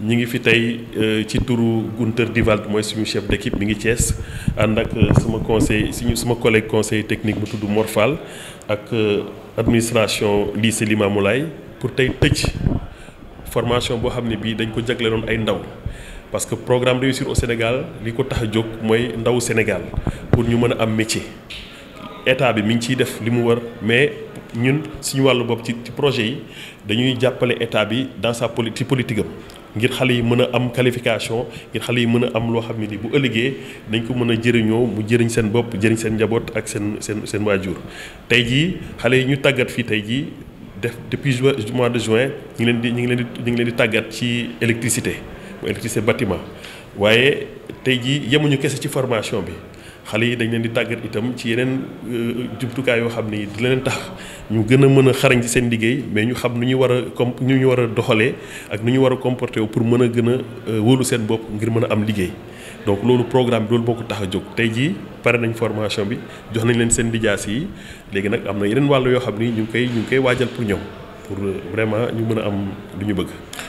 ñu ngi fi tey euh, ci turu Gunter Diwald mooy suñu chef d'équipe mi ngi Thiès ànd ak euh, sama conseil suñu sama collègue conseil technique bu tudd Mor Fall ak euh, administration lycée Limamoulaye pour tey tëj formation boo xam ne bii dañ ko jagleeloon ay ndaw parce que programme réussir au Sénégal li ko tax a jóg mooy ndawu Sénégal pour ñu mën a am métier état bi mi ngi ciy def li mu mais ñun suñu wàllu bopp ci projet yi dañuy jàppale état bi dans sa poli politique am ngir xale yi mën a am qualification ngir xale yi mën a am loo xam ne bu ëllëgee dañ ko mën a jëriñoo mu jëriñ seen bopp jëriñ seen njaboot ak seen seen seen waajur tey jii xale yi ñu tàggat fii tey jii def depuis mois de juin ñu ngi leen di ñu ngi leen di ñu ngi leen di tàggat ci électricité mu électricité bâtiment waaye tey jii yemuñu kese ci formation bi xale yi dañ leen di tàggat itam ci yeneen euh, jumtukaay yoo xam ni dina leen tax ñu gën a mën a xarañ ci seen liggéey mais ñu xam nu ñu war a com nu ñu war a doxalee ak nu ñu war a comporté wu pour mën a gën a euh, wóolu seen bopp ngir mën a am liggéey donc loolu programme bi loolu bokk tax a jóg tey jii pare nañ formation bi jox nañ leen seen lijaas yi léegi nag am na yeneen wàll yoo xam ni ñu ngi koy ñu ngi koy waajal pour ñoom pour euh, vraiment ñu mën a am lu ñu bëgg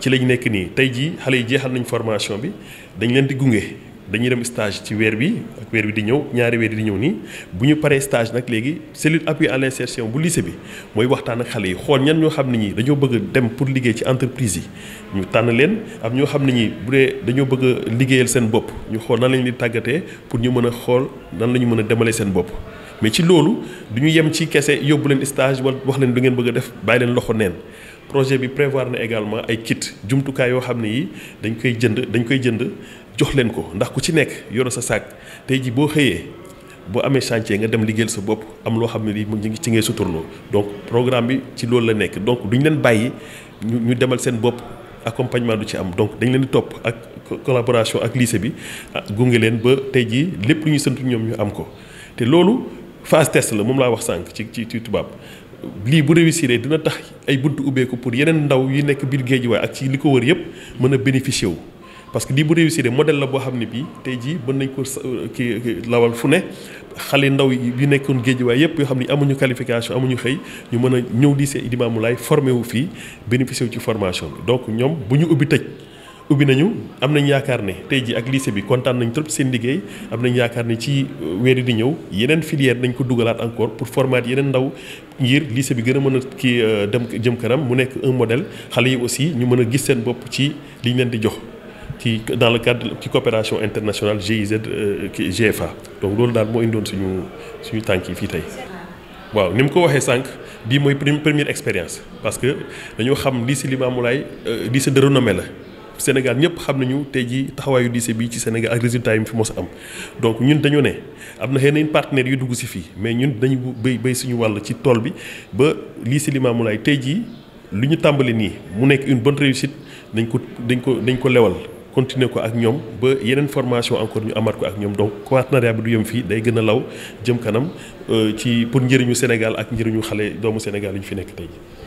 ci lañ nekk nii tey jii xale yi jeexal nañ formation bi dañ leen di gunge dañuy dem ci weer bi weer bi di ñëw ñaari weer yi ñëw nii bu ñu paree stage nag léegi cellule appui à l'insertion bu lycée bi mooy waxtaan ak xale yi xool ñan ñoo xam ne ñi dañoo bëgg a liggéey ci entreprise yi ñu tànn leen am ñoo xam ne ñi bu dañoo bëgg liggéeyal seen bopp ñu xool nan lañ di tàggatee pour ñu mën a xool nan la ñu mën a demalee seen bopp mais ci loolu du yem ci kese yóbbu leen stage wala wax leen du ngeen bëgg def bàyyi leen loxo neen projet bi prévoir na également ay kit jumtukaay yoo xam ne yi dañ koy jënd dañ koy jënd jox leen ko ndax ku ci nekk yoro sa saak tey ji boo xëyee boo amee chantier nga dem liggéeyal sa bopp am loo xam ne lii ngi ci ngay suturloo donc programme bi ci loolu la nekk donc duñ leen bàyyi ñu ñu demal seen bopp accompagnement du ci am donc dañ leen di topp ak collaboration ak lycée bi ah, gunge leen ba tey ji lépp lu ñu sant ñoom ñu am ko te loolu phase test la moom laa wax sànq ci ci ci tubaab lii bu réussir dina tax ay buntu ubbeeku pour yeneen ndaw yi nekk biir Guédiawaye ak ci li ko wër yëpp mën a bénéficier wu. parce que lii bu réussir modèle la boo xam ne bii tey jii mën nañ ko euh, kii lawal fu ne xale ndaw yu nekkoon Guédiawaye yëpp yoo xam ne amuñu qualification amuñu xëy ñu mën a ñëw lycée Ely Manioune Laye formé wu fii bénéficier wu ci formation bi donc ñoom bu ñu ubbi tëj. ubbi nañu am nañu yaakaar ne tey jii ak lycée bi kontaan nañ trop seen liggéey am nañu yaakaar ne ci euh, weer di ñëw yeneen filière nañ ko dugalaat encore pour format yeneen ndaw ngir lycée bi gën a mën a kii euh, dem jëm kanam mu nekk un modèle xale yi aussi ñu mën a gis seen bopp ci li ñu leen di jox ci dans le cadre ci coopération internationale GIZ euh, GFA donc loolu daal moo indoon suñu suñu tànk yi fii tey waaw ni mu ko waxee sànq bii mooy première expérience parce que dañoo xam lycée Limamoulaye lycée de renommée la Sénégal ñëpp xam nañu tey jii taxawaayu lycée bi ci Sénégal ak résultat mu fi mos am donc ñun dañu ne am na xëy na partenaires yu dugg si fii mais ñun dañu béy béy suñu wàll ci tool bi ba lii si lycée laay tey jii lu ñu tàmbali nii mu nekk une bonne réussite dañ ko dañ ko dañ ko lewal continuer ko ak ñoom ba yeneen formation encore ñu amaat ko ak ñoom donc partenariat bi du yem fii day gën a law jëm kanam euh, ci pour njëriñu Sénégal ak njëriñu xale doomu Sénégal yi ñu fi nekk tey